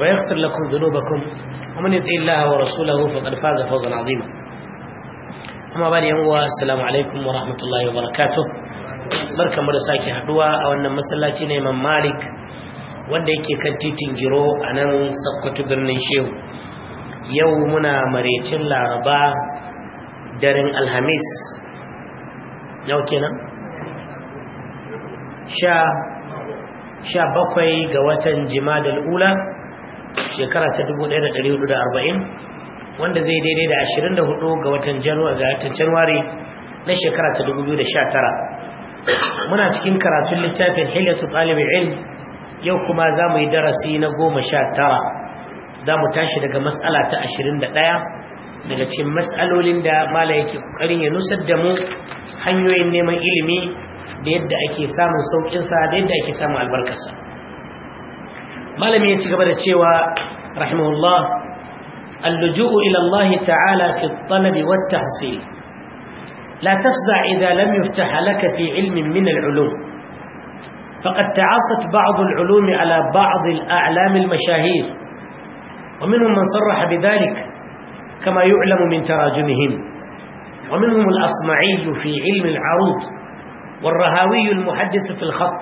ويغفر لكم ذنوبكم ومن يطع الله ورسوله فقد فاز فوزا عظيما أما بعد يوم السلام عليكم ورحمة الله وبركاته بركة مرساكي حدوة أو أن مسلاتي نيما مالك wanda yake kan titin giro a nan sakkwato birnin shehu yau muna maraicin laraba daren alhamis yau kenan sha bakwai ga watan jimadal ula shekara ta 1440 wanda zai daidai da 24 ga watan Januwari na shekara ta 2019 muna cikin karatun littafin hilatu Talibul Ilm yau kuma za mu yi darasi na 19 za mu tashi daga matsala ta 21 daga cikin matsalolin da mala yake kokarin ya nusar da mu hanyoyin neman ilimi da yadda ake samun sauƙinsa da yadda ake samun albarkarsa malami ya ci gaba da cewa rahimahullah al-luju'u ila Allah ta'ala fi at-talab wa at-tahsil la tafza idha lam yuftah laka fi ilmin min al-ulum فقد تعاصت بعض العلوم على بعض الأعلام المشاهير ومنهم من صرح بذلك كما يعلم من تراجمهم ومنهم الأصمعي في علم العروض والرهاوي المحدث في الخط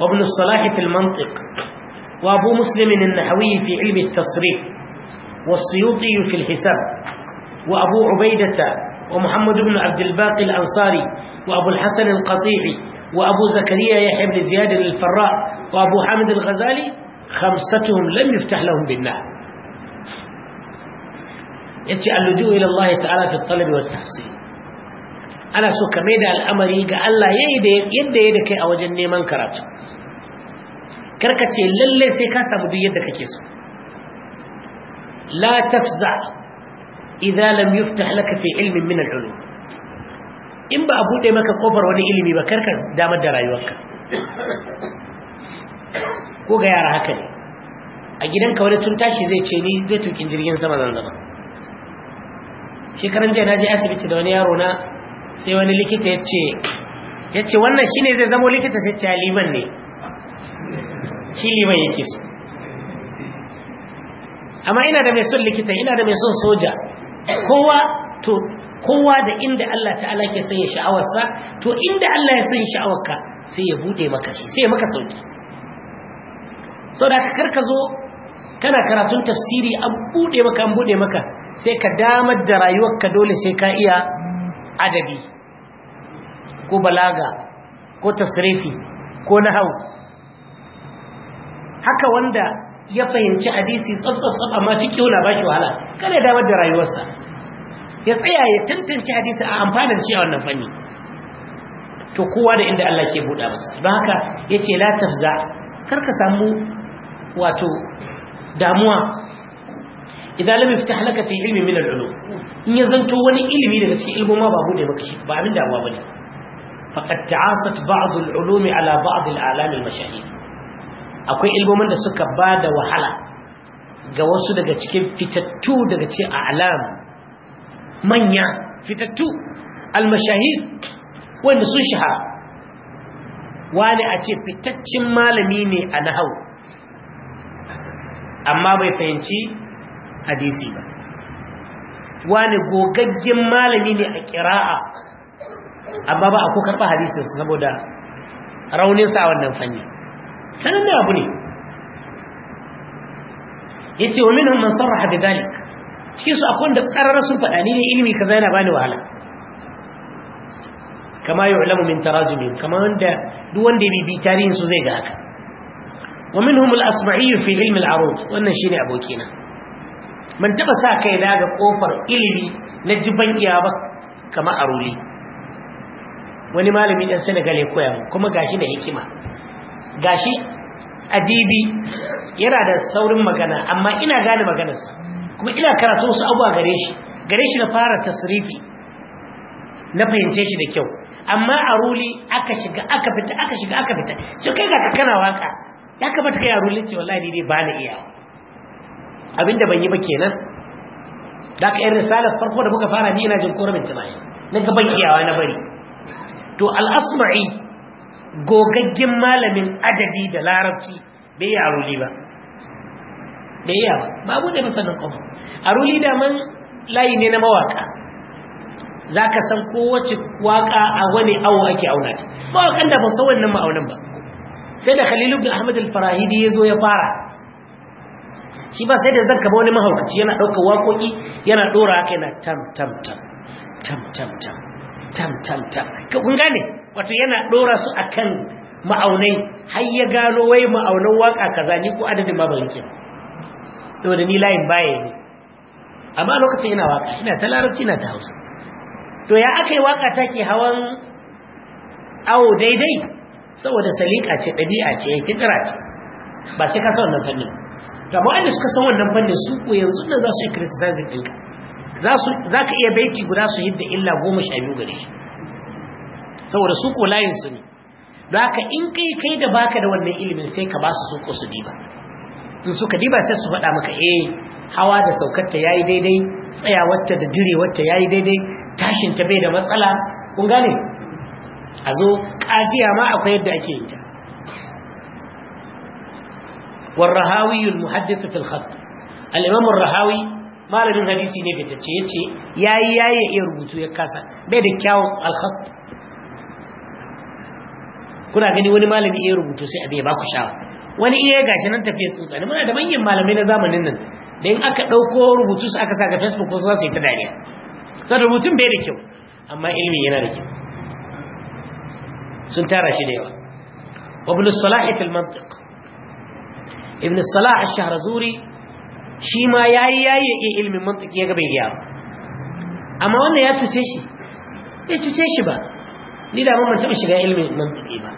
وابن الصلاح في المنطق وأبو مسلم النحوي في علم التصريف والسيوطي في الحساب وأبو عبيدة ومحمد بن عبد الباقي الأنصاري وأبو الحسن القطيعي وأبو زكريا يحيى بن زياد الفراء وأبو حامد الغزالي خمستهم لم يفتح لهم بالنار يتي اللجوء إلى الله تعالى في الطلب والتحصيل أنا سوك الأمر يقى الله يدك يدك يا وجني أوجن karka ce lalle sai ka samu duk yadda kake so la tafza idza lam yuftah laka fi ilmin min al-ulum in ba a bude maka kofar wani ilimi ba karka damar da rayuwarka ko ga yara haka ne a gidanka wani tun tashi zai ce ni zai tukin jirgin sama zan zama shekaran jiya na je asibiti da wani yaro na sai wani likita ya ce ya ce wannan shine zai zama likita sai ce liman ne shi liman yake so amma ina da mai son likita ina da mai son soja kowa to kowa da inda Allah ta'ala ke sanya sha'awarsa to inda Allah ya sanya sha'awarka sai ya bude maka shi sai ya maka sauki saboda ka zo kana karatun tafsiri an bude maka an bude maka sai ka damar da rayuwarka dole sai ka iya adabi ko balaga ko tasrifi ko nahawu haka wanda ya fahimci hadisi tsaf-tsaf amma fiƙiyo na ba shi wahala kada ya damar da rayuwarsa ya tsaya ya tantance hadisi a amfanin shi a wannan fanni to kowa da inda Allah ke buɗa masa don haka ya ce la tafza kar ka samu wato damuwa idan lam fita laka fi ilmi min al in ya zanto wani ilimi daga cikin ilmoma ba bude maka shi ba abin damuwa bane faqad ta'asat ba'd al-ulum ala ba'd al-alam al-mashahir akwai ilmomin da suka ba da wahala ga wasu daga cikin fitattu daga ce a alam manya fitattu almashahid wanda sun shahara wani a ce fitaccen malami ne a nahau amma bai fahimci hadisi ba wani gogaggen malami ne a kira'a amma ba a ko karɓa hadisinsa saboda rauninsa a wannan fanni sanan ne abu ne Ya ce wa minan man sarraha da dalik cikin su akwai da ƙararra sun faɗa ni ne ilimi kaza yana bani wahala kama ulamu min tarajumi kama wanda duk wanda ya bibi tarihin su zai ga haka wa minhum al-asma'i fi ilmi al wannan wannan ne abokina man taba sa kai na ga kofar ilimi na jiban iya ba kama aruli wani malamin ɗan Senegal ya koya kuma gashi da hikima gashi adibi yana da saurin magana amma ina gane maganarsa kuma ina karatu wasu abuwa gare shi gare shi na fara tasrifi na fahimce shi da kyau amma a ruli aka shiga aka fita aka shiga aka fita ce kai ga ka kana waka ya kamata kai a ruli ce wallahi dai ba na iya abinda ban yi ba kenan da ka yin risalar farko da muka fara ni ina jin koramin tunani na gaban iyawa na bari to al-asma'i gogaggen malamin adadi da larabci bai yi aruli ba bai yi ba babu da masanin kuma aruli da man layi ne na mawaka za ka san kowace waka a wani awo ake auna ta mawakan da ba san wannan ma'aunin ba sai da khalilu bin ahmad al-farahidi ya zo ya fara shi ba sai da zan kama wani mahaukaci yana ɗaukar waƙoƙi yana ɗora haka yana tam tam tam tam tam tam tam tam tam ka kun gane wato yana dora su akan ma'aunai har ya gano wai ma'aunan waka kaza ni ko adadin ma ban yake da ni layin baya ne amma lokacin ina waka ina ta larabci ina ta hausa to ya aka yi waka take hawan awo daidai saboda salika ce ɗabi'a ce fitira ce ba sai ka san wannan fannin to amma wanda suka san wannan fannin su ko yanzu nan za su yi criticizing ɗinka za ka iya baiti guda su yi da illa goma sha biyu gare shi saboda su ko layin su ne don haka in kai kai da baka da wannan ilimin sai ka ba su su ko su diba in suka diba sai su faɗa maka eh hawa da saukarta ya yi daidai tsayawarta da direwarta ya yi daidai tashinta bai da matsala kun gane a zo ƙafiya ma akwai yadda ake yi ta warrahawiyul muhaddith fil khat al-imam ar-rahawi malamin hadisi ne fitacce yace yayi yayi ya rubutu ya kasa bai da kyawun al-khat kuna gani wani malami iya rubutu sai abin ya ba ku shawa wani iya gashi nan tafiya tsotsa ne muna da manyan malamai na zamanin nan da in aka ɗauko rubutu su aka sa ga facebook ko su yi ta dariya to rubutun bai da kyau amma ilimi yana da kyau sun tara shi da yawa وابن الصلاح في المنطق a الصلاح zuri shi ma ya yi ya yi ilimin mantiki ya gaba gyara, amma wannan ya cuce shi ya cuce shi ba ni da ban taɓa shiga ilmin mantiki ba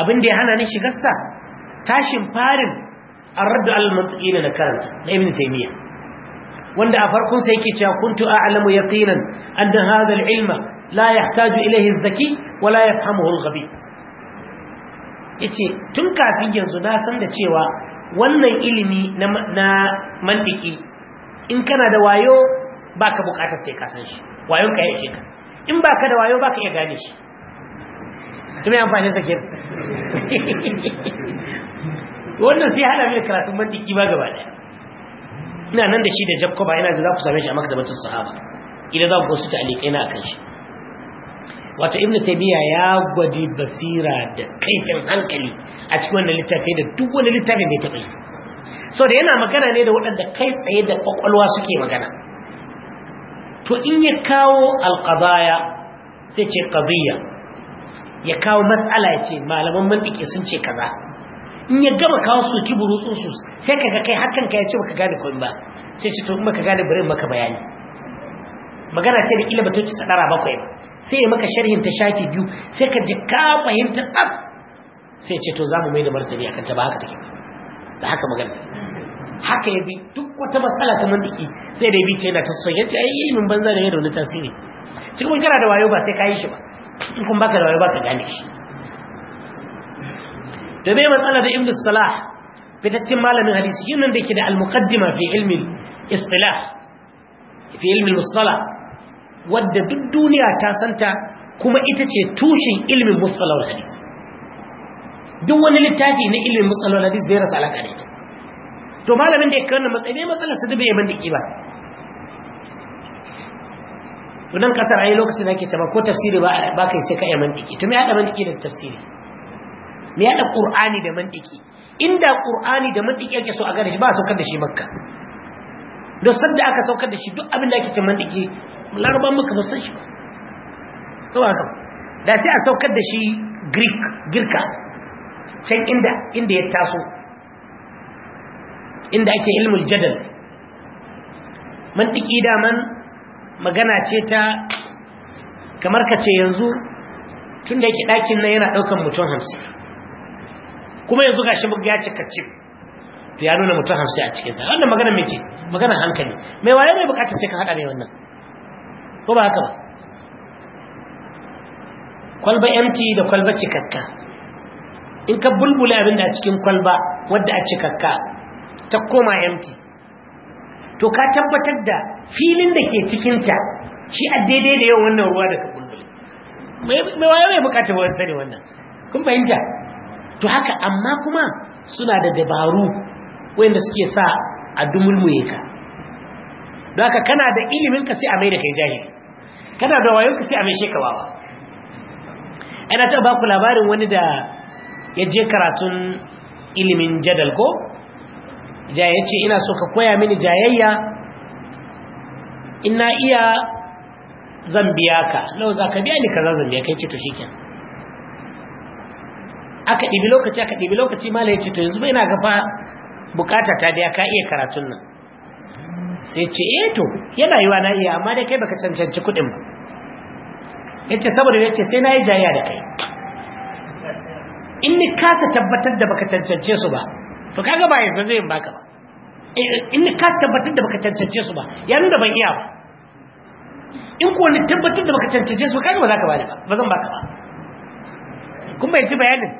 abin da ya hana ni sa tashin farin arraddu al-mantiki na karanta na ibn taymiya wanda a farkon sai yake cewa kuntu a'lamu yaqinan anna hadha al-ilma la yahtaju ilayhi zaki wa la yafhamuhu al-ghabi yace tun kafin yanzu na san da cewa wannan ilimi na mantiki in kana da wayo baka bukatar sai ka san shi wayon ka yake ka in ba ka da wayo ba ka iya gane shi tumi amfani sa kenan wannan sai hada mai karatun mantiki ba gaba daya ina nan da shi da jakoba ina ji za ku same shi a makadabatin sahaba idan za ku wasu ta'alikai na akan shi wato ibnu taymiya ya gwadi basira da kaifin hankali a cikin wannan littafi da duk wani littafin ya taɓa yi so da yana magana ne da waɗanda kai tsaye da kwakwalwa suke magana to in ya kawo alqadaya sai ce qadiyya ya kawo matsala ya ce malaman mantiki sun ce kaza in ya gama kawo su burutsun su sai kaga kai hakan ka ya ce baka gane komai ba sai ce to in ka gane bari maka bayani magana ce da kila ba ci sadara bakwai sai ya maka sharhin ta shafi biyu sai ka ji ka fahimta sai ce to za mu mai da martani akan ta ba haka take da haka magana haka ya bi duk wata matsala ta mantiki sai da ya bi ta yana ta son ya ce ai min banza da ne da wani tasiri cikin kana da wayo ba sai ka yi shi ba in kun baka da wayo ba ka gane shi da bai matsala da Ibn salah fitaccen malamin hadisi shi nan da ke da al-muqaddima fi ilmi istilah fi ilmi mustalah wadda duk duniya ta santa kuma ita ce tushen ilmin mustalahul hadisi duk wani littafi na ilmin mustalahul hadisi bai rasa alaka da ita to malamin da ya kawo matsayi ne matsalar su duk bai mandiki ba to nan kasar ayi lokacin da ake cewa ko tafsiri ba ba kai sai ka yi mandiki to me ya da mandiki da tafsiri me ya da qur'ani da mandiki inda qur'ani da mandiki yake so a gane shi ba saukar da shi makka don sanda aka saukar da shi duk abin da ake cewa mandiki laruban maka ba san shi ba to haka da sai a saukar da shi greek girka can inda inda ya taso inda ake ilmul jadal mantiki daman magana ce ta kamar ka ce yanzu tun da yake ɗakin nan yana ɗaukan mutum hamsin kuma yanzu ga shi ya cika to ya nuna mutum hamsin a cikinsa wannan magana mai ce magana hankali mai waye mai bukata sai ka haɗa mai wannan ko ba haka ba kwalba empty da kwalba cikakka in ka bulbula abin da a cikin kwalba wadda a cikakka ta koma empty to ka tabbatar da filin da ke cikinta shi a daidai da yawan wannan ruwa da ka kullum mai waye mai bukata ba sani wannan kun fahimta to haka amma kuma suna da dabaru wanda suke sa a dumulmuye ka don haka kana da ilimin ka sai a mai da kai jahili kana da wayo ka sai a mai shekawawa ana ta ba ku labarin wani da ya je karatun ilimin jadal ko jayayyace ina so ka koya mini jayayya ina iya zan biya ka lau za ka biya ni kaza zan biya kai ce to shiken aka ɗibi lokaci aka ɗibi lokaci ma ya ce to yanzu ba ina gafa bukata ta biya ka iya karatun nan sai ce eh to yana yiwa na iya amma dai kai baka cancanci kuɗin ba yace saboda yace sai na yi jayayya da kai in ni kasa tabbatar da baka cancance su ba to kaga ba yanzu zai baka ba in ka tabbatar da baka cancance su ba ya nuna ban iya ba in ko ni tabbatar da baka cancance su ba kaga ba za ka bada ba ba zan baka ba kun bai ci bayanin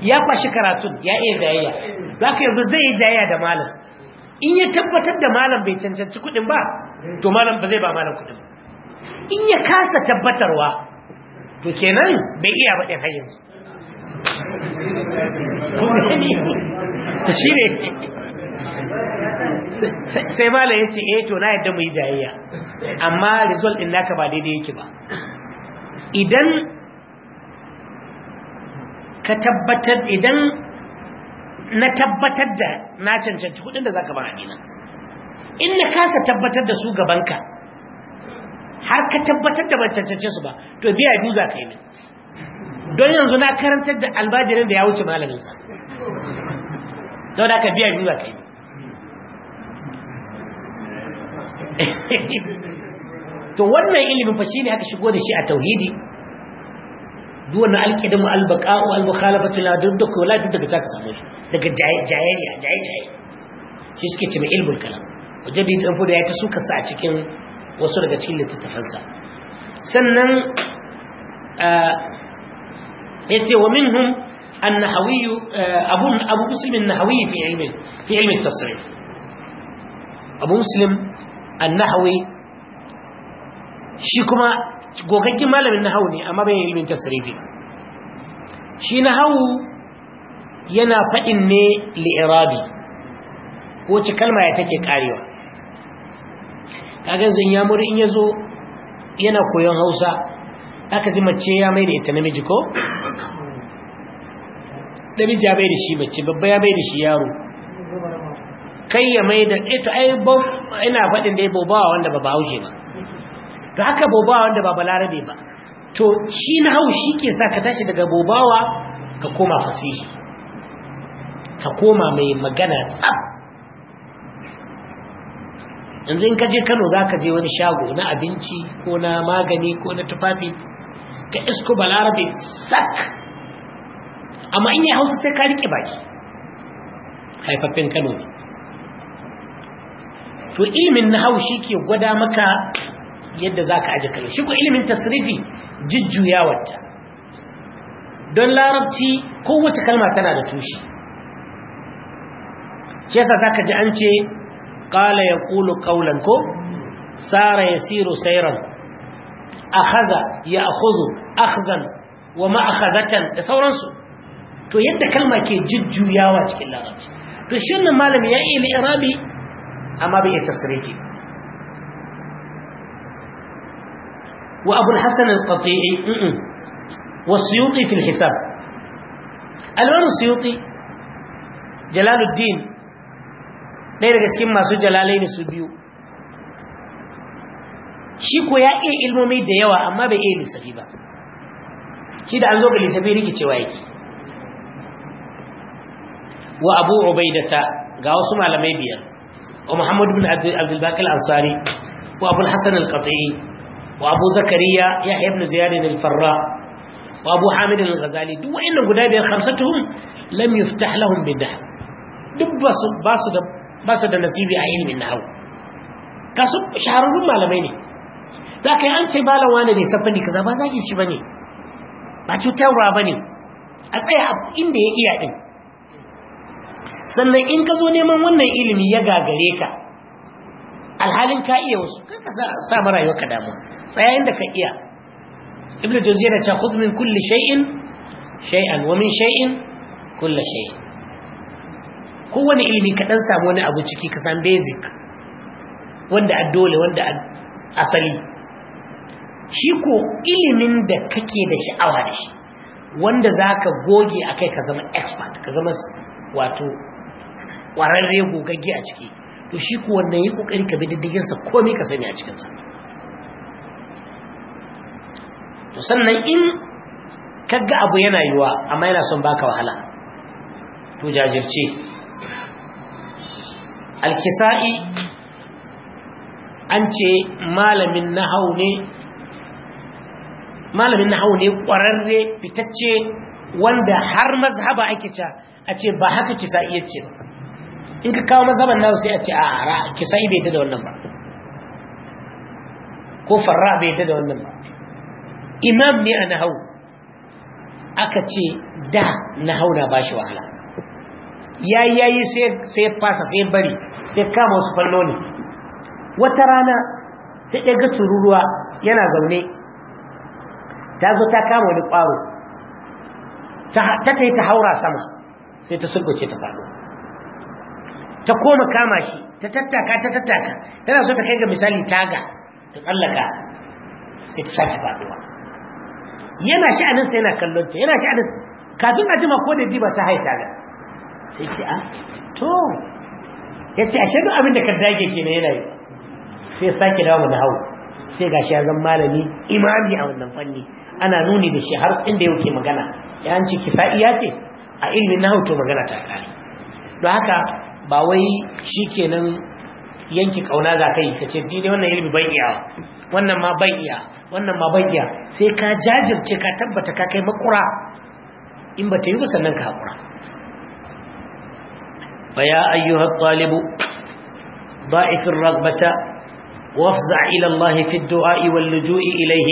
ya kwashi karatun ya iya jayayya za ka yanzu zai yi jayayya da malam in ya tabbatar da malam bai cancanci kuɗin ba to malam ba zai ba malam kudin in ya kasa tabbatarwa to kenan bai iya ba ɗin har yanzu sai malam ya ce eh to na yadda mu yi jayayya amma result din naka ba daidai yake ba idan ka tabbatar idan na tabbatar da na cancanci kudin da za ka ba a gina in na kasa tabbatar da su gabanka har ka tabbatar da ban cancance su ba to biya biyu za ka yi min don yanzu na karantar da albajirin da ya wuce malaminsa don da biya biyu a ka yi to wannan ilimin fa ne aka shigo da shi a tauhidi albaƙa'u wannan alqidamu albaqa'u almukhalafatu da kola duk la dudda ta samu daga jayayya jayayya shi suke cewa ilmul kalam yi dan da ya ta suka sa a cikin wasu daga cikin littattafansa sannan ah, yace wa minhum an eh, abu abu muslim an fi ilmi fi ilmi tasrif abu muslim an shi kuma gogaggen malamin hau ne amma bai ilmin tasrifi shi nahawu yana fadin ne li'irabi wacce kalma ya take karewa kaga zan ya muri in yazo yana koyon Hausa aka ji mace ya mai da ita namiji ko namiji ya bai da shi mace babba ya bai da shi yaro kai ya mai da ita eh, ai ina faɗin da bobawa wanda ba bahaushe ba to haka bobawa wanda ba balarabe ba to shi na hau shi ke sa ka tashi daga bobawa ka koma fasihi ka koma mai magana tsab yanzu in ka je kano za ka je wani shago na abinci ko na magani ko na tufafi ka isko balarabe sak amma in yi hausa sai ka riƙe baki haifaffen kano ne to ilimin na hau shi ke gwada maka yadda za ka aji kano shi ko ilimin tasirifi jujjuyawarta don larabci kowace kalma tana da tushe shi yasa za ka ji an ce ƙala ya ƙulu ƙaunan ko sara ya siro sairan a haza ya a huzu wa ma'akazatan da sauransu to yadda kalma ke jujjuyawa cikin larabci to shi wannan ya iya li'irabi amma bai iya tasriki wa abul hasan al-qati'i wa suyuti fil hisab alwan suyuti jalaluddin ɗaya daga cikin masu jalalai ne su biyu shi ko ya iya ilmomi da yawa amma bai iya lissafi ba shi da an zo ga lissafi rikicewa yake wa abu ubaidata ga wasu malamai biyar wa muhammad ibn abdul bakil ansari wa abu Hassan al-qati'i wa abu zakariya yahya ibn ziyad al-farra wa abu hamid al-ghazali duk wa'annan guda biyar khamsatuhum lam yuftah lahum bidah duk basu basu da basu da nasibi a ilmin nahwu kasu shahararrun malamai ne za ka yi an ce malam wani ne safani kaza ba zaki shi ba ne, ba cutarwa ne. a tsaya inda ya iya din sannan in ka zo neman wannan ilimi ya gagare ka alhalin ka iya wasu kanka ka sa mara yau ka damu tsayayin da ka iya ibn jauzi da cewa khudh kulle kulli shay'in shay'an wa min shay'in kulli shay'in kowane ilimi ka dan samu wani abu ciki ka san basic wanda a dole wanda asali shi ko ilimin da kake da sha'awa da shi wanda za ka goge a kai ka zama expert ka zama wato ƙwararre gogagge a ciki to shi ko wanda yi kokari ka bi sa komai ka sani a cikinsa to sannan in kaga abu yana yiwa amma yana son baka wahala to jajirce alkisa'i an ce malamin nahau ne malamin nahau ne ƙwararre fitacce wanda har mazhaba ake ca a ce ba haka kisa iya ce ba in ka kawo mazhaban nasu sai a ce a ra sai bai da wannan ba ko farra bai da wannan ba imam ne a nahau aka ce da nahau na ba shi wahala Ya yi yayi sai sai fasa sai bari sai kama wasu ne wata rana sai ɗaya ga tururuwa yana zaune ta zo ta kama wani ƙwaro ta ta yi ta haura sama sai ta sulkuce ta faɗo ta koma kama shi ta tattaka ta tattaka tana so ta kai ga misali taga ta tsallaka sai ta sake faduwa yana sha'anin sa yana kallon ta yana sha'anin kafin a jima ko da diba ta haita ga sai ce a ah, to yace a duk abin da ka dage ke na yanayi sai sake dawo da hau sai gashi ya zan malami imami a wannan fanni ana nuni da shi har inda yau ke magana ya an ce ya ce a ilimin hau to magana ta kare don haka ba wai shikenan yanki kauna za kai ka ce ni ne wannan ilimi ban iya wannan ma ban iya wannan ma ban iya sai ka jajirce ka tabbata ka kai makura in ba ta yi ba sannan ka hakura fa ya ayyuha at-talibu ضعف الرغبة وافزع إلى الله في الدعاء واللجوء إليه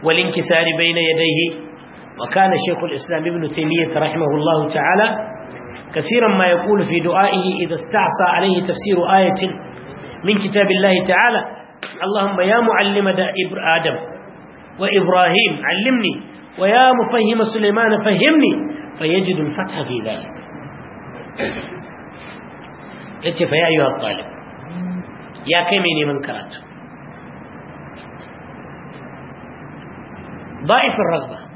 والانكسار بين يديه وكان شيخ الإسلام ابن تيمية رحمه الله تعالى كثيرا ما يقول في دعائه إذا استعصى عليه تفسير آية من كتاب الله تعالى اللهم يا معلم آدم وإبراهيم علمني ويا مفهم سليمان فهمني فيجد الفتح في ذلك يتفى فيا أيها الطالب يا كميني من كرات ضائف الرغبة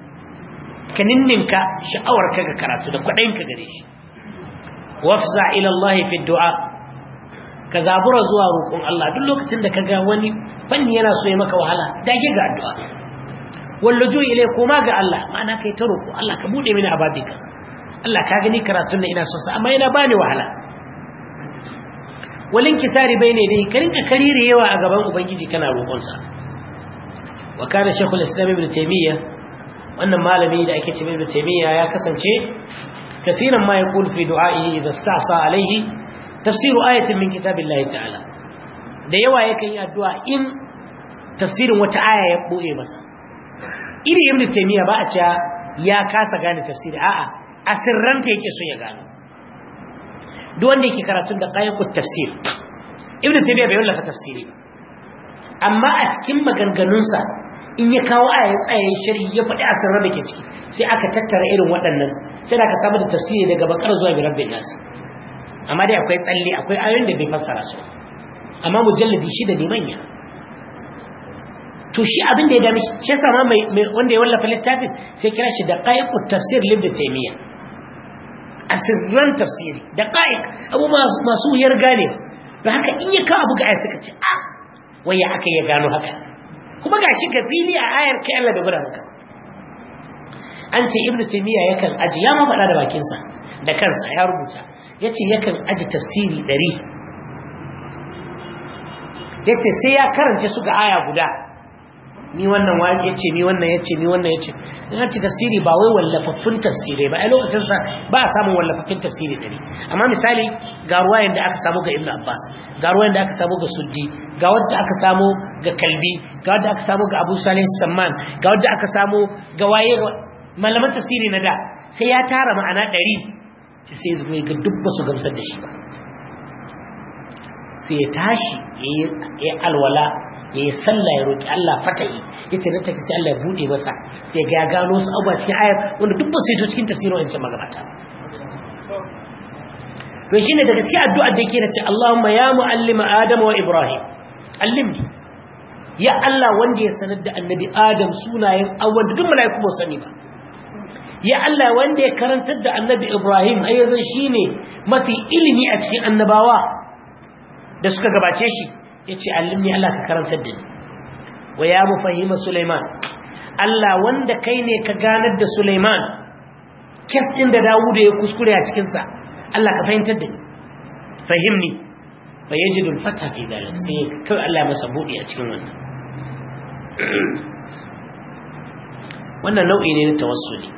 ka ninninka sha'awarka ga karatu wafza ila Allah fi du'a ka zabura zuwa roƙon Allah duk lokacin da kaga wani fanni yana so ya maka wahala dage ga addu'a wallaju ilai koma ga Allah ma'ana kai ta roƙo Allah ka bude mini ababe Allah ka gani karatun na ina son sa amma yana bani wahala walin kisari bai ne dai ka rinka karire yawa a gaban ubangiji kana roƙon sa wa kana shaykhul islam ibn wannan malami da ake cewa ibn taymiya ya kasance كثيرا ما يقول في دعائه إذا استعصى عليه تفسير آية من كتاب الله da yawa yakan yi addu'a in tafsirin wata aya ya ɓoye masa iri ibn taymiya ba a ya kasa gane tafsiri a'a asirranta yake so ya gano duk wanda yake karatun da qayyaqut tafsir ibn taymiya bai wallafa tafsiri amma a cikin maganganunsa in ya kawo a ya tsaye shari'i ya faɗi asirar da ke ciki sai aka tattara irin waɗannan sai da aka samu da tafsiri daga bakar zuwa bi rabbin nas amma dai akwai tsalle akwai ayoyin da bai fassara su amma mujalladi shi da manya to shi abin da ya dami shi sama wanda ya wallafa littafin sai kira shi da qaiqu tafsir libni taymiya asirran tafsiri da qaiq abu masu yar gane ba haka in ya kawo abu ga ai suka ce a ah, waya aka ya gano haka kuma shi ga fili a ayar ka Allah da gura maka an ce ibnu taymiya yakan aji ya ma faɗa da bakinsa da kansa ya rubuta yace yakan aji tafsiri Ya yace sai ya karance su ga aya guda ni wannan wani ya ce ni wannan ya ce ni wannan ya ce in an ci tasiri ba wai wallafaffun tasiri ba a lokacin sa ba a samun wallafaffun tasiri gari amma misali ga ruwayen da aka samu ga ibn abbas ga ruwayen da aka samu ga suddi ga wadda aka samu ga kalbi ga wadda aka samu ga abu salih samman ga wadda aka samu ga waye malaman tasiri na da sai ya tara ma'ana ɗari sai ya zuwa ga duk su gamsar da shi ba sai ya tashi ya yi alwala ya yi sallah ya roƙi Allah fatahi ya ce ranta sai Allah ya buɗe masa sai ga ya gano su abuwa cikin ayar wanda duk ba su to cikin tafsirin wancan magabata to shi ne daga cikin addu'a da ke na ce Allahumma ya mu'allima Adam wa Ibrahim allimni ya Allah wanda ya sanar da annabi Adam sunayen awwal duk mala'iku kuma sani ba ya Allah wanda ya karantar da annabi Ibrahim ai shi ne mafi ilimi a cikin annabawa da suka gabace shi yace allimi Allah ka karantar da ni wa ya mufahima Sulaiman Allah wanda kai ne ka ganar da Sulaiman kes din da Dawud ya kuskure a cikin sa Allah ka fahimtar da ni fahimni fayajidu al-fata fi dalik sai kai Allah masa buɗe a cikin wannan wannan nau'i ne na tawassuli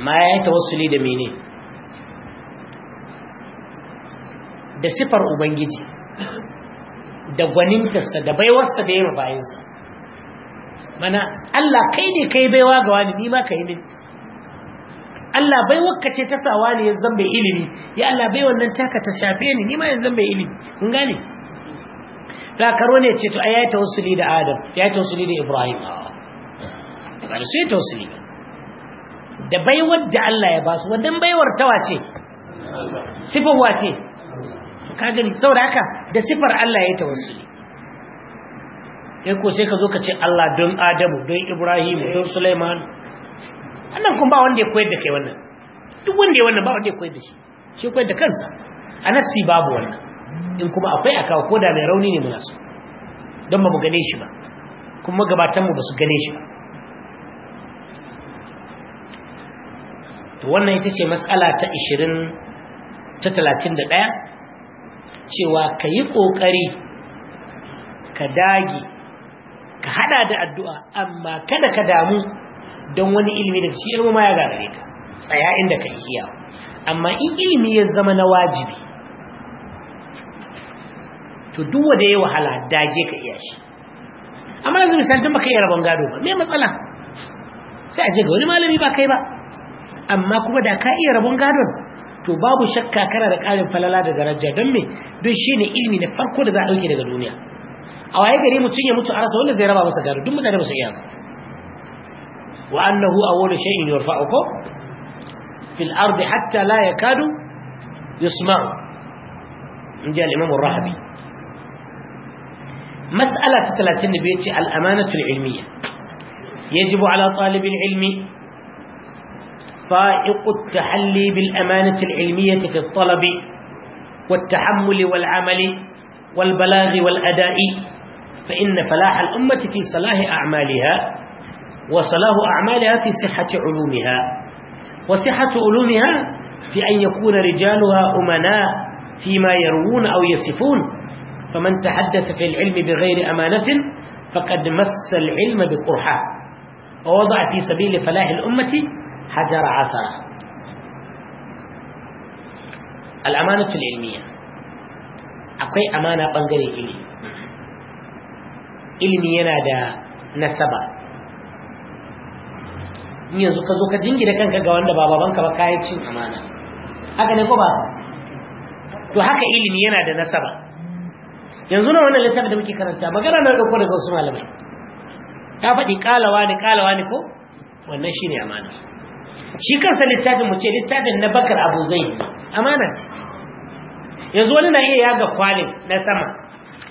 amma ya yi tawassuli da mene da sifar ubangiji da gwanintarsa da baiwarsa da yawa bayansa mana Allah kai ne kai baiwa ga wani nima ka yi min Allah baiwarka ce ta sawa ne yanzu bai ilimi ya Allah baiwar nan taka ta shafe ni nima yanzu bai ilimi kun gane zakaro ne ce to ai yayi tawassuli da Adam yayi tawassuli da Ibrahim kana sai tawassuli da baiwar da Allah ya ba su wannan baiwar tawa ce sifar wace ka gani saboda haka da sifar Allah ya tawassuli kai ko sai ka zo ka ce Allah don Adamu don Ibrahim don Sulaiman annan kun ba wanda ya koyar da kai wannan duk wanda ya wannan ba wanda ya koyar da shi shi koyar da kansa anasi babu wannan in kuma akwai akawa da mai rauni ne muna so don ba mu gane shi ba kuma gabatan mu ba su gane shi ba to wannan ita ce mas'ala ta 20 ta 31 cewa ka yi ƙoƙari ka dage ka hada da addu'a amma kada ka damu don wani ilimi da shi ilmi ma ya gagare ka tsaya inda ka iya amma in ilimi ya zama na wajibi to duk wanda ya wahala dage ka iya shi amma yanzu misali tun baka iya rabon gado ba me matsala sai a je ga wani malami ba kai ba amma kuma da ka iya rabon gado. to babu shakka kana da ƙarin falala da daraja don me don shi ne ilimi na farko da za a ɗauke daga duniya a waye gari mutum ya mutu a rasa wanda zai raba masa gado duk mutane ba su iya ba wa annahu awwalu shay'in yarfa'u ko fil ardi hatta la yakadu yusma'u in ji al rahabi mas'ala ta 32 ce al-amanatu al-ilmiyya yajibu ala talib ilmi حقائق التحلي بالأمانة العلمية في الطلب والتحمل والعمل والبلاغ والأداء فإن فلاح الأمة في صلاح أعمالها وصلاح أعمالها في صحة علومها وصحة علومها في أن يكون رجالها أمناء فيما يروون أو يصفون فمن تحدث في العلم بغير أمانة فقد مس العلم بقرحه ووضع في سبيل فلاح الأمة حجر asara الأمانة العلمية akwai amana bangare ilimi ilimi yana da nasaba yanzu ka zo ka jingina kanka ga wanda ba babanka ba kayan cin amana haka ne ko ba to haka ilimi yana da nasaba yanzu na wannan littafin da muke karanta magana na dauko daga wasu malamai ta faɗi kalawa ne kalawa ne ko wannan shine amana shi kansa littafin mu ce littafin na bakar abu zai amana ce yanzu wani na iya yaga kwalin na sama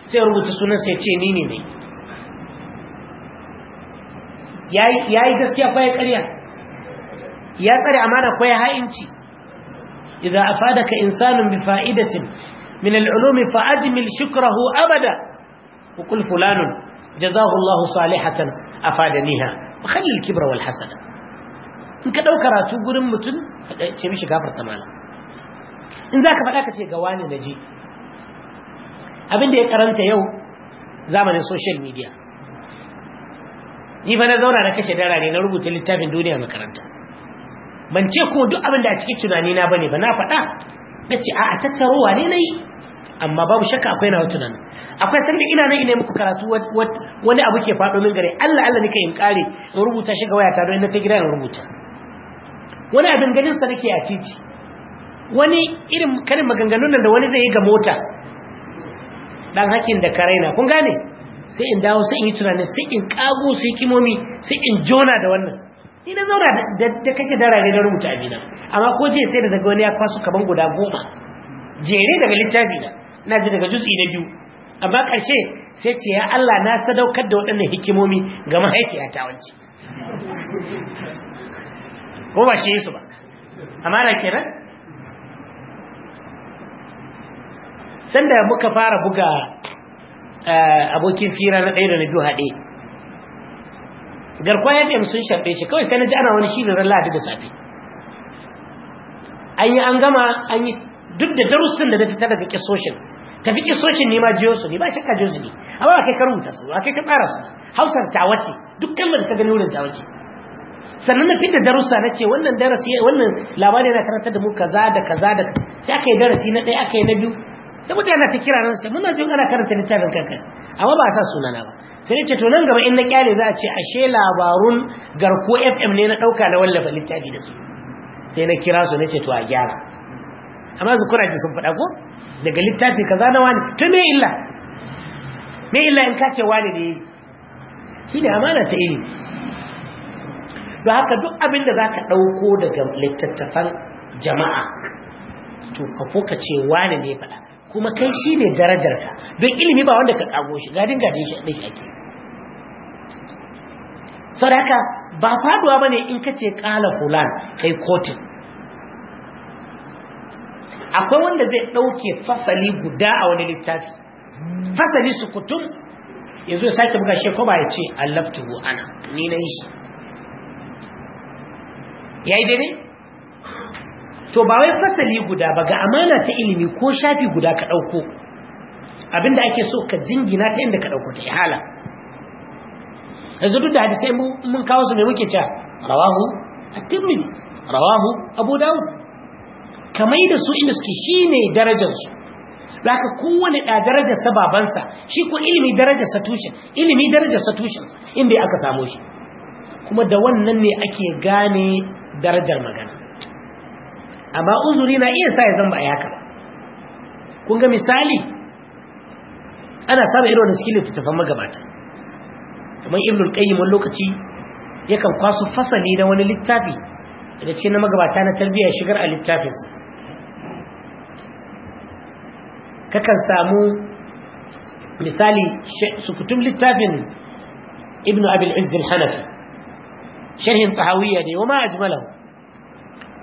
sai rubuta sunan sai ce ni ne mai ya yi gaskiya kwaye karya ya tsare amana kwaye ha'inci idan a fada ka insanin bi fa'idatin min al'ulumi fa'ajimil shukrahu abada hukul fulanun jazahu Allah salihatan a fadaniha niha, khalil kibra wal hasada in ka ɗau karatu gurin mutum ce mishi gafarta mana in za ka faɗa ka ce ga wani na ji abinda ya karanta yau zamanin social media ni ba na zauna na kashe dara ne na rubuta littafin duniya makaranta ban ce kuma duk abinda a cikin tunani na bane ba na faɗa na ce a tattarowa ne na yi amma babu shakka akwai na tunanin akwai sanda ina nan ina muku karatu wani abu ke faɗo min gare Allah Allah nika in kare in rubuta shi ga wayata don na ta gida in rubuta wani abin ganin sa nake a titi wani irin karin maganganun nan da wani zai yi ga mota dan hakin da karaina kun gane sai in dawo sai in yi tunanin sai in kago su kimomi, sai in jona da wannan ni na zauna da kashe darare na rubuta abina amma ko je sai da daga wani ya kwaso kaman guda goma jere daga littafi na na ji daga jutsi na biyu amma ƙarshe sai ce ya Allah na sadaukar da waɗannan hikimomi ga mahaifiyata wance ko ba shi su ba amana kenan sanda muka fara buga eh, abokin fira na ɗaya da na biyu haɗe garkuwa fm sun shafe shi kawai sai na ji ana wani shi da ran lahadi da safe an yi an gama an yi duk da darussan da ta fita daga kisoshin tafi kisoshin ne ma jiyo su ne ba shakka jiyo su ne amma ba kai ka ta su ba kai ka tsara su hausar tawace duk kalmar da ka gani wurin tawace sannan na fita darussa na ce wannan darasi wannan labari yana karantar da mu kaza da kaza da sai aka yi darasi na ɗaya aka yi na biyu sai mutane ta kira nan sai ce muna ana karanta littafin kanka amma ba a sa sunana ba sai ne ce to nan gaba in na kyale za a ce ashe labarun garko fm ne na ɗauka na wallafa littafi da su sai na kira su na ce to a gyara amma su kuraje sun faɗa ko daga littafi kaza na wani to me illa me illa in ka ce wani ne shi ne amana ta ilimi don haka duk abin da za ka ɗauko daga littattafan jama'a to ka ko ka ce wani ne faɗa kuma kai shi ne darajarka don ilimi ba wanda ka ƙago shi gadin gadin shi ɗai ake sau da ba faduwa ba ne in ka ce ƙala fulan kai kotun akwai wanda zai ɗauke fasali guda a wani littafi fasali su kutum ya sake buga shi ba ya ce allaftuhu ana ni na yi shi ya yi daidai to ba wai fasali guda ba ga amana ta ilimi ko shafi guda ka ɗauko abinda ake so ka jingina ta inda ka ɗauko ta ihala yanzu duk da hadisai mun kawo su mai muke cewa rawahu at-tirmidhi rawahu abu dawo. kamai da su inda suke shine darajar su ka kowane da darajar sa babansa shi ko ilimi darajar sa tushen ilimi darajar sa tushen inda aka samu shi kuma da wannan ne ake gane darajar magana amma uzuri na iya sa ya zama a yaka kun ga misali ana samun irin wani cikin littattafan magabata kamar ibn al-qayyim wani lokaci yakan kwaso fasali na wani littafi ce na magabata na tarbiyya shigar a littafinsa kakan samu misali sukutun littafin ibnu abil izz hanafi شرح طهوية دي وما أجمله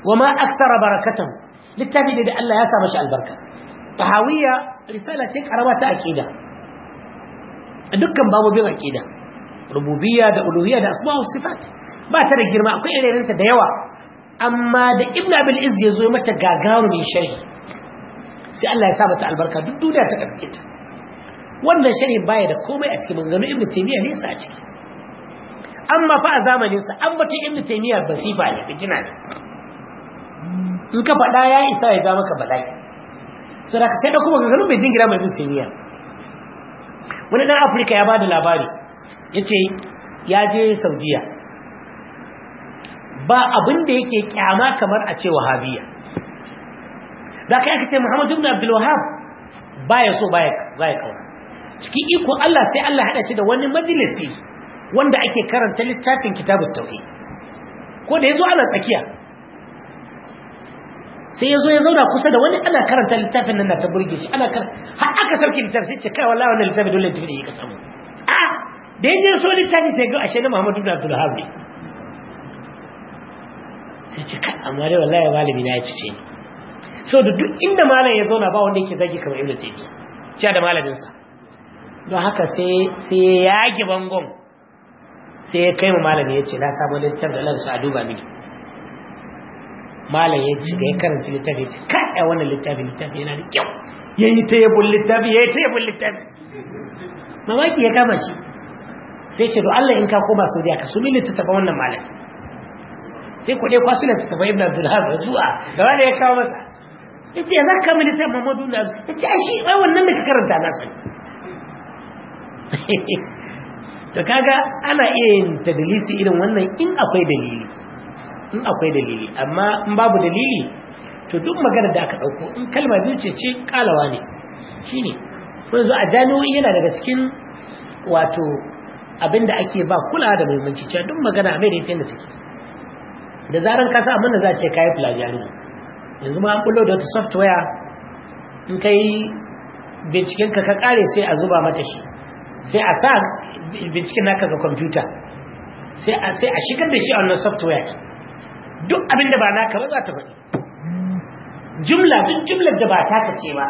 وما أكثر بركته للتالي دي الله يسا مش البركة طهوية رسالة كرامة أكيدة دكا بابو بيضا أكيدة ربوبية دا ألوهية دا أسماء والصفات ما ترى الجرماء كل إلي أنت ديوة أما دا ابن أبي الإز يزوي متى قاقار من شرح سي الله يسا البركة دو دنيا تكبكت wannan sharhin baya da komai a cikin manzannin ibnu taymiya ne amma fa a zamaninsa an batun ibn taimiyya basifa ne fitina ne in ka faɗa ya isa ya ja maka bala'i sai ka sai da kuma ganin bai jingira mai ibn taimiyya wani ɗan afirka ya ba da labari ya ce ya je saudiya ba abin da yake kyama kamar a ce wahabiya da kai aka ce muhammadu ibn abdul wahhab baya so baya kawo. cikin iko allah sai allah hada shi da wani majalisi wanda ake karanta littafin kitabut tauhid ko da yazo ana tsakiya sai yazo ya zauna kusa da wani ana karanta littafin nan na ta burge shi ana kar har aka sarki littafin sai ce kai wallahi wannan littafin dole tafi da samu a da yaje so littafin sai ga ashe na Muhammadu ibn Abdul Wahhab sai ce kai amma dai wallahi malami na ya cice ni so da duk inda malam ya zauna ba wanda yake zagi kamar Ibn Taymiyyah cewa da malamin sa don haka sai sai ya yage bangon sai ya kai mu malami ya ce na samu littar da lansu a duba mini malam ya ci ga ya karanta littafi ya ce kai wani littafi littafi yana da kyau ya yi ta yabon littafi ya yi ta yabon littafi mamaki ya kama shi sai ce do Allah in ka koma kasu ka ta littattafa wannan malam sai kwasu dai ta littattafa ibn abdulhab zuwa da wani ya kawo masa ya ce za ka mili ta mamadu na ya ce a shi wai wannan da ka karanta nasa ka kaga ana iya yin tadalisi irin wannan in akwai dalili in akwai dalili amma in babu dalili to duk magana da aka dauko in kalma biyu ce ce kalawa ne shine ko yanzu a jami'o'i yana daga cikin wato abinda ake ba kulawa da muhimmanci cewa duk magana mai da ita take da zaran ka sa abin da za ce kai plagiarism yanzu ma an bullo da wata software in kai binciken ka ka kare sai a zuba mata shi sai a sa binciken naka ga kwamfuta sai a shigar da shi a wannan software duk abin da ba naka ba za ta faɗi jumla duk jumlar da ba ka ce ba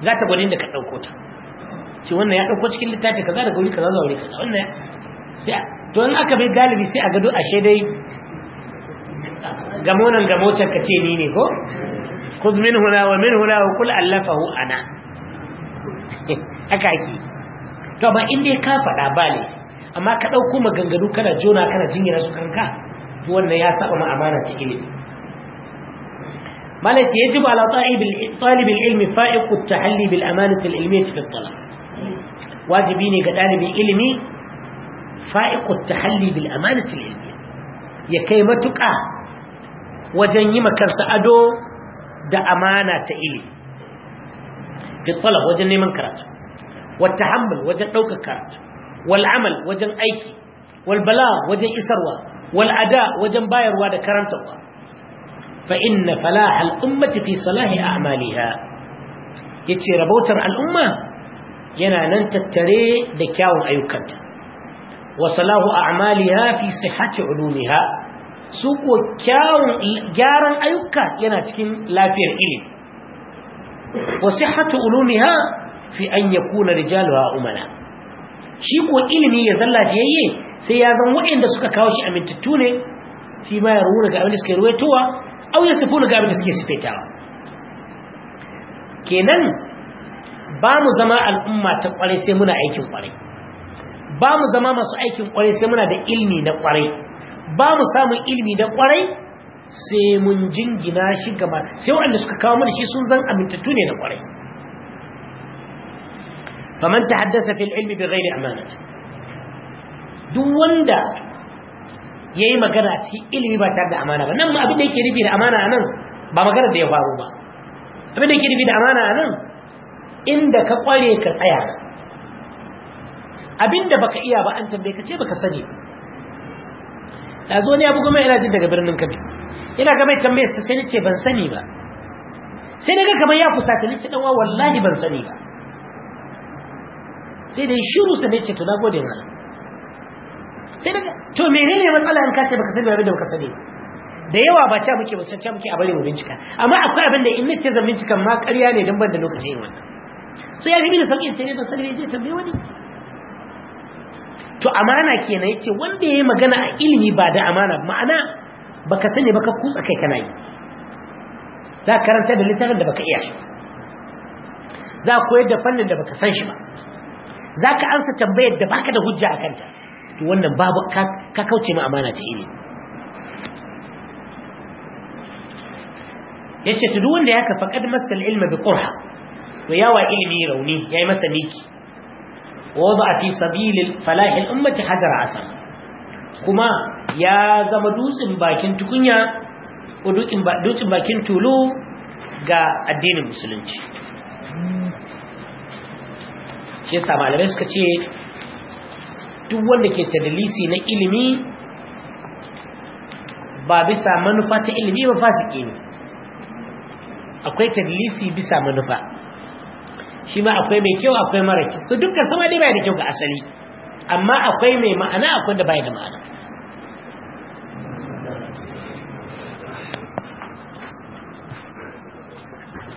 za ta gwanin da ka ɗauko ta ce wannan ya ɗauko cikin littafi kaza da guri kaza zaure kaza wannan sai to in aka bai galibi sai a gado ashe dai gamonan gamotar ka ce ni ne ko Kuzmin min wa min hula wa Allah allafahu ana haka ake to amma in ka faɗa ba ne amma ka ɗauko maganganu kana jona kana jingina su kanka to wannan ya saba ma amana ta ilimi malai ce yajibu ala talibin ilmi fa'iqu tahalli bil amanati al ilmiyyah fi talab wajibi ne ga ɗalibin ilimi fa'iqu tahalli bil amanati al ilmiyyah ya kai matuƙa wajen yi makarsa ado da amana ta ilimi fi talab wajen neman karatu wa wajen ɗaukar karatu wal wajen aiki wal bala wajen isarwa wal ada wajen bayarwa da karantarwa fa inna falah al ummati fi salahi a'maliha yace rabautar al'umma yana nan tattare da kyawun ayyukanta wa salahu a'maliha fi sihhati ulumiha su ko gyaran ayyuka yana cikin lafiyar ilimi wa sihhatu ulumiha fi an yakuna a umala shi ko ilimi ya zalla da yayye sai ya zan waɗanda suka kawo shi amintattu ne fi ma ya ruru ga abin da suke ruwaitowa au ya sifu ga abin da suke sifaitawa kenan ba mu zama al'umma ta kware sai muna aikin kware ba mu zama masu aikin kware sai muna da ilimi na kware ba mu samun ilimi na kware sai mun jingina shi gaba sai waɗanda suka kawo mana shi sun zan amintattu ne na kware faman tahaddasa fil ilmi bighairi amanati duk wanda yayi magana ci ilimi ba tare da amana ba nan ma abin da yake nufi da amana anan ba magana da ya faru ba abin da yake nufi da amana anan inda ka kware ka tsaya abinda baka iya ba an tambaye ka ce baka sani yazo ne abu kuma jin daga birnin kabi ina ga mai tambayar sa sai ce ban sani ba sai daga kamar ya fusata ni ce wallahi ban sani ba sai dai shiru sai dai ce to nagode mana sai daga to menene matsala in kace baka sani abin da baka sani da yawa ba ta muke musan ta muke a bare mu bincika amma akwai abin da in ce zan bincika ma ƙarya ne dan ban da lokaci yin wannan sai ya fi mini sauƙin ce ne ban sani ne je tambaye wani to amana kenan yace wanda yayi magana a ilimi ba da amana ma'ana baka sani baka kutsa kai kana yi za ka karanta da littafin da baka iya shi za ka koyar da fannin da baka san shi ba za ka ansa tambayar da baka da hujja a kanta to wannan babu ka kauce ma amana ta iri ya ce tudu wanda ya kafa kad masal ilma bi qurha to yawa ilimi rauni ya yi masa miki wada fi sabilil falah al ummati hadara asam kuma ya zama dutsen bakin tukunya ko bakin tulu ga addinin musulunci shi yasa malamai suka ce duk wanda ke tadalisi na ilimi ba bisa manufa ta ilimi ba fasiki ne akwai tadalisi bisa manufa shi ma akwai mai kyau akwai mara kyau to dukkan sama dai bai da kyau ga asali amma akwai mai ma'ana akwai da bai da ma'ana